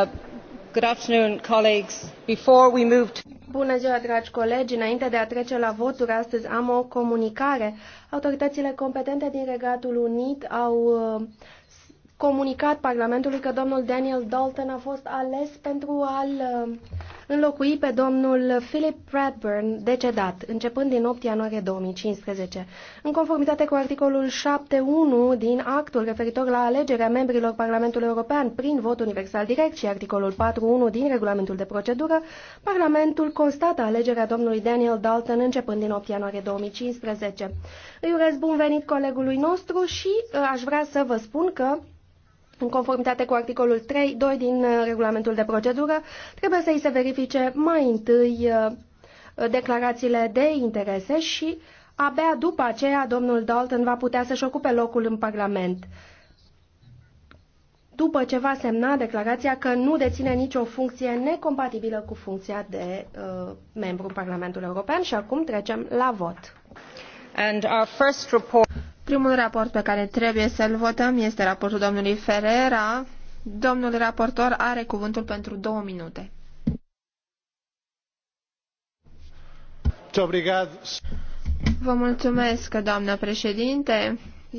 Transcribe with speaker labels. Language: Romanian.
Speaker 1: Uh,
Speaker 2: Bună ziua, dragi colegi! Înainte de a trece la voturi, astăzi am o comunicare. Autoritățile competente din Regatul Unit au uh, comunicat Parlamentului că domnul Daniel Dalton a fost ales pentru a-l uh, înlocui pe domnul Philip Bradburn, decedat, începând din 8 ianuarie 2015. În conformitate cu articolul 7.1 din actul referitor la alegerea membrilor Parlamentului European prin vot universal direct și articolul 4.1 din regulamentul de procedură, Parlamentul constată alegerea domnului Daniel Dalton începând din 8 ianuarie 2015. Îi urez bun venit colegului nostru și uh, aș vrea să vă spun că în conformitate cu articolul 3, 2 din uh, regulamentul de procedură, trebuie să îi se verifice mai întâi uh, declarațiile de interese și abia după aceea domnul Dalton va putea să-și ocupe locul în Parlament. După ce va semna declarația că nu deține nicio funcție necompatibilă cu funcția de uh, membru în Parlamentul European și acum trecem la vot. And
Speaker 3: our first report... Primul raport pe care trebuie să-l votăm este raportul domnului Ferreira. Domnul raportor are cuvântul pentru două minute. Vă mulțumesc, doamnă președinte.